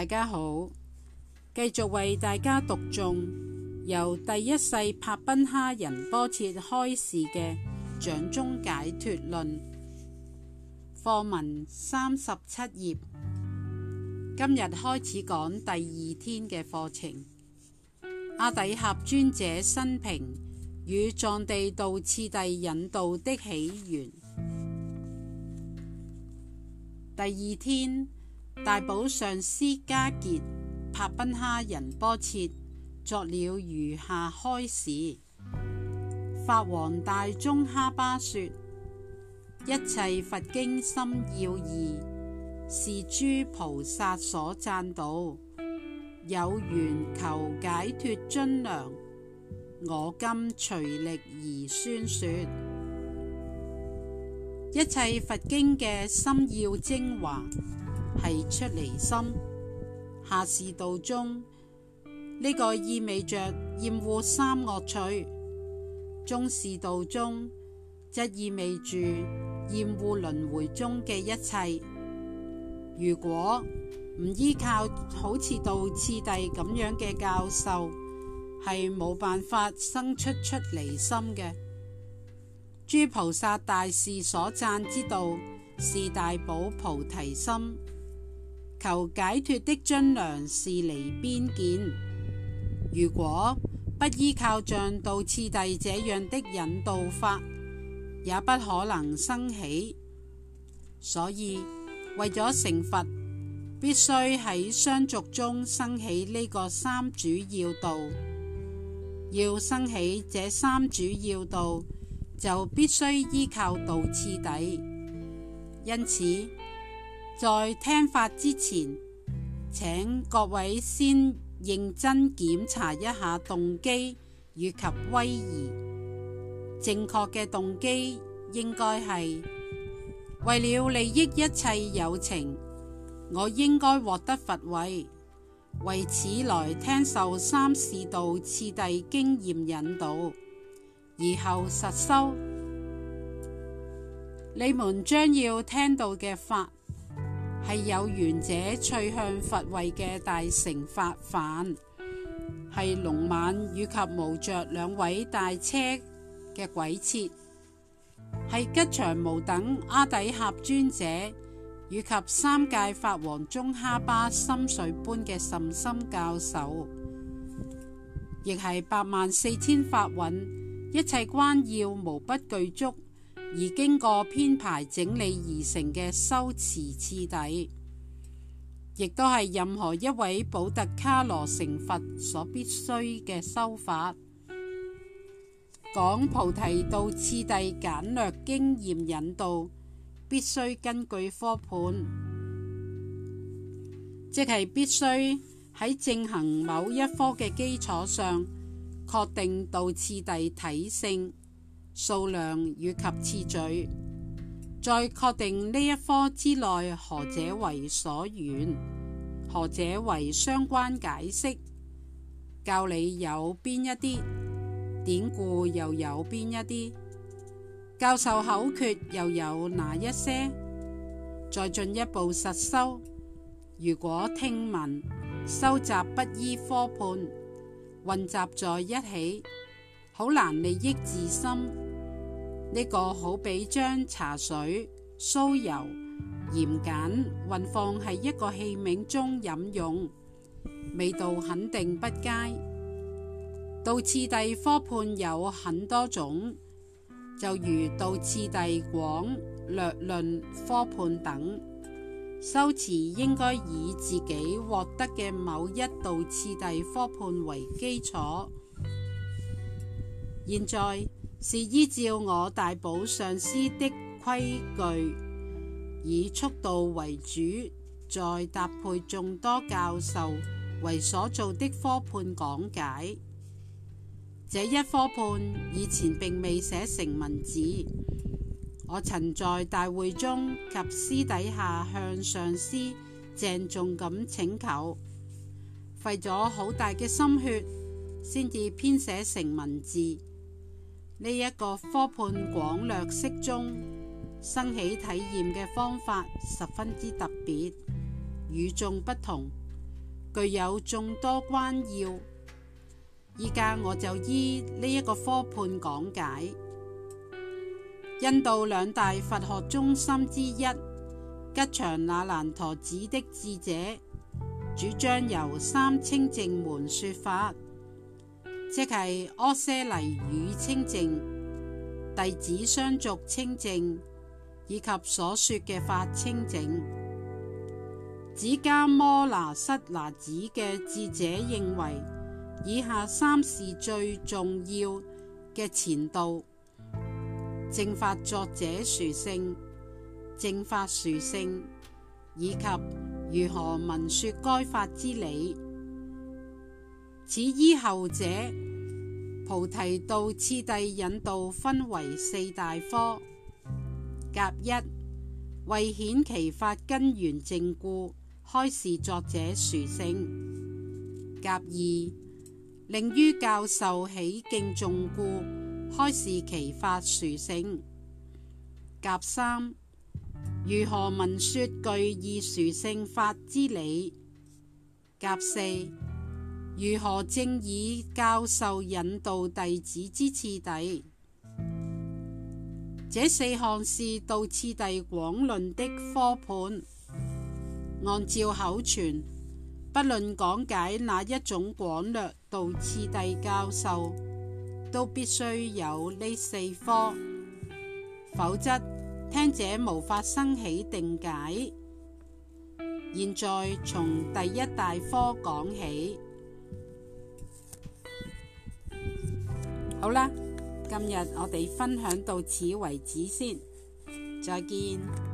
大家好，繼續為大家讀誦由第一世帕賓哈仁波切開示嘅《掌中解脫論》課文三十七頁。今日開始講第二天嘅課程，阿底峽尊者生平與藏地道次第引導的起源。第二天。大寶上師加傑帕賓哈仁波切作了如下開示：法王大宗哈巴說：一切佛經心要義是諸菩薩所讚導，有緣求解脫津梁，我今隨力而宣說一切佛經嘅心要精華。係出離心，下士道中，呢、這個意味着厭惡三惡趣；中士道中，則意味住厭惡輪迴中嘅一切。如果唔依靠好似道次第咁樣嘅教授，係冇辦法生出出離心嘅。諸菩薩大士所讚之道，是大寶菩提心。求解脫的尊量是離邊見，如果不依靠像道次第這樣的引導法，也不可能生起。所以，為咗成佛，必須喺相續中生起呢個三主要道。要生起這三主要道，就必須依靠道次第。因此，在聽法之前，請各位先認真檢查一下動機以及威儀。正確嘅動機應該係為了利益一切有情，我應該獲得佛位，為此來聽受三士道次第經驗引導，而後實修。你們將要聽到嘅法，係有緣者趣向佛位嘅大乘法範，係龍猛以及無着兩位大車嘅軌轍，係吉祥無等阿底峽尊者以及三界法王宗喀巴心髓般嘅甚深教授，亦係八萬四千法蘊，一切關要無不具足。而經過編排整理而成嘅修持次第，亦都係任何一位補特伽羅成佛所必須嘅修法。講菩提道次第簡略經驗引導，必須根據科判，即係必須喺正行某一科嘅基礎上，確定道次第體性。數量與及次序，再確定呢一科之內何者為所願，何者為相關解釋，教你有邊一啲典故，又有邊一啲教授口訣，又有哪一些，再進一步實修。如果聽聞收集不依科判，混雜在一起。好難利益至深。呢、這個好比將茶水、酥油、鹽鹼混放喺一個器皿中飲用，味道肯定不佳。道次第科判有很多種，就如道次第廣略論科判等，修持應該以自己獲得嘅某一道次第科判為基礎。現在是依照我大保上司的規矩，以速度為主，再搭配眾多教授為所做的科判講解。這一科判以前並未寫成文字，我曾在大會中及私底下向上司鄭重咁請求，費咗好大嘅心血先至編寫成文字。呢一個科判，廣略適中，生起體驗嘅方法十分之特別，與眾不同，具有眾多關要。依家我就依呢一個科判講解。印度兩大佛學中心之一吉祥那蘭陀寺的智者主張由三清淨門說法。即係阿闍黎語清淨、弟子相續清淨，以及所說嘅法清淨。只加摩拿失拿子嘅智者認為，以下三係最重要嘅前導：正法作者殊勝、正法殊勝，以及如何聞說該法之理。此依後者，菩提道次第引導分為四大科：甲一，為顯其法根源正故，開示作者殊勝；甲二，令於教授起敬重故，開示其法殊勝；甲三，如何聞說具義殊勝法之理；甲四，如何正以教授引導弟子之次第？這四項是道次第廣論的科判，按照口傳，不論講解哪一種廣略道次第教授，都必須有呢四科，否則聽者無法生起定解。現在從第一大科講起。好啦，今日我哋分享到此為止先，再見。